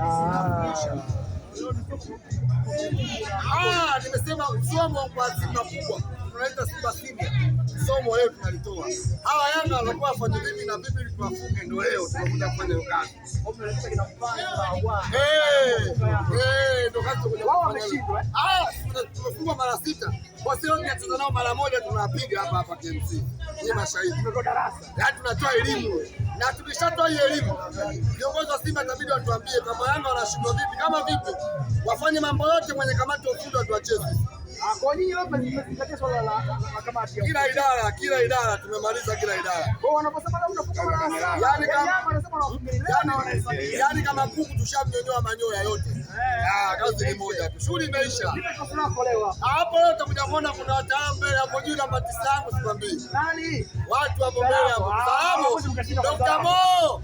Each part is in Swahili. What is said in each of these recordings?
Ah. Ah, nimesema somo kwa asilimia kubwa tunaita Simba kimya, somo leo tunalitoa. Hawa Yanga walikuwa wafanye vipi na vipi tuwafunge, ndio leo tunakuja kufanya hiyo kazi. Ndio kazi eh? ah, tumefungwa mara sita Tunacheza nao mara moja tunapiga hapa hapa KMC. Ni mashahidi. Yaani tunatoa elimu. Na tukishatoa hiyo elimu, viongozi wa Simba itabidi watuambie kama Yanga wanashindwa vipi, kama vipi wafanye mambo yote mwenye kamati ya ufundi watuacheze. Ah, kila idara, kila idara tumemaliza kila idara. Yaani, yaani-, yaani kama kuku tushamnyonyoa manyoya yote kazi ah, ni moja tu, shughuli imeisha ah, hapo. Leo utakuja kuona kuna wataalamu mbele hapo juu, namba tisa yangu sikwambii nani, watu hapo mbele hapo. Salamu ah, Dr. Mo,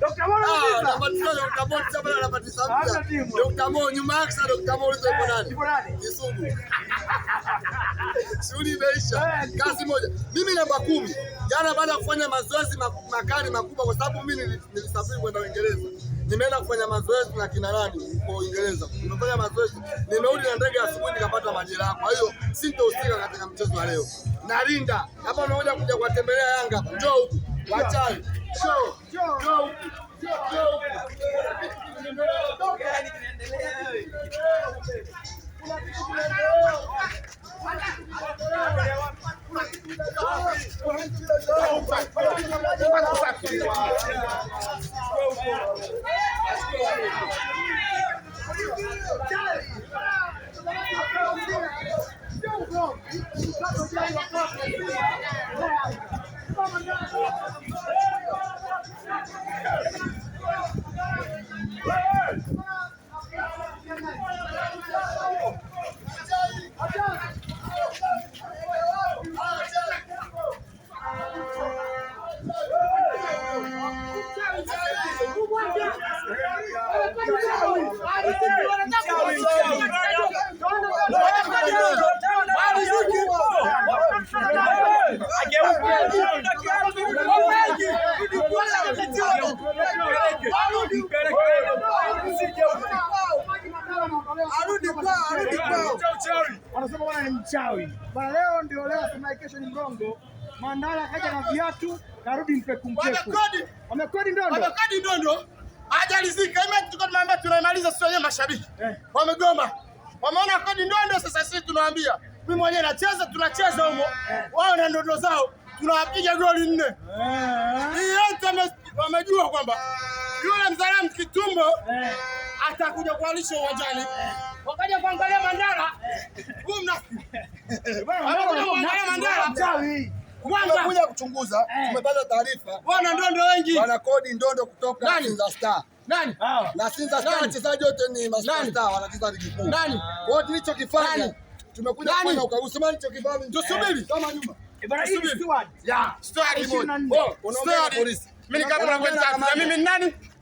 Dr. Mo namba tisa, Dr. Mo tisa bana, namba tisa Dr. Mo, nyuma yake sasa Dr. Mo ulizo yuko eh, nani? Kisugu. Shughuli imeisha, eh. kazi moja. Mimi namba kumi jana, baada ya kufanya mazoezi makali makubwa, kwa sababu mimi nilisafiri kwenda Uingereza, nimeenda kufanya mazoezi na kina nani huko Uingereza nimefanya mazoezi, nimerudi na ndege asubuhi nikapata majeraha. Kwa hiyo sitohusika katika mchezo wa leo. Nalinda hapa, unakuja kuja kuwatembelea Yanga, njoo huku wachai mchawi. wanasema bwana ni mchawi bwana, leo ndio leo, sema kesho ni mrongo. Mandala kaja na viatu, karudi mpeku mpeku, wamekodi ndondo, wamekodi ndondo, hajalizika tumeambia tunamaliza sio wenyewe mashabiki eh. Wamegoma, wameona kodi ndondo. Sasa sisi tunawaambia, mimi mwenyewe nacheza, tunacheza huko. eh. Wao na ndondo zao tunawapiga goli nne eh. Hii yote wamejua kwamba yule mzalamu kitumbo eh atakuja kualisha uwanjani, wakaja kuangalia Mandala kuja kuchunguza. Eh. Tumepata taarifa wana ndondo wengi, wana kodi ndondo kutoka Sinza Star nani na Sinza Star, wachezaji wote ni mastaa, wanacheza ligi kuu. nani. Kwa tulichokifanya tumekuja kufanya ukaguzi, tusubiri kama nyuma ya oh, mimi nani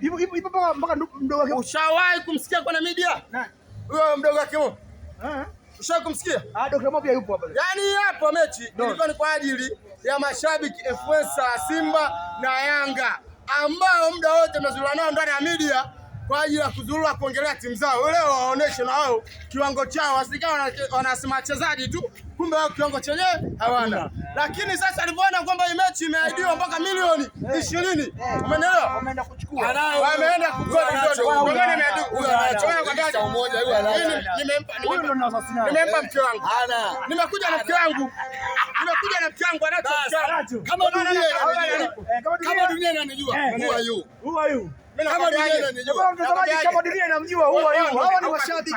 Ipo Ushawahi kumsikia kwa na media? Nani? Huyo mdogo wake Ushawahi kumsikia? Ah, Dr. Mo yupo hapa. Yaani hapo mechi ilikuwa ni kwa ajili ya mashabiki influencer wa Simba na Yanga ambao muda wote mnazurura nao ndani ya media kwa ajili ya kuzurura kuongelea timu zao. Leo waoneshe na wao kiwango chao, wasikae wanasema wachezaji tu, kumbe wao kiwango chenyewe hawana lakini sasa alivyoona kwamba hii mechi imeahidiwa mpaka milioni ishirini, umeelewa? Wameenda kuchukua, wameenda nimempa mke wangu, nimekuja na mke wangu, nimekuja na mke wangu kama dunia inanijua eh, eh. kama dunia inamjua, hawa ni mashabiki.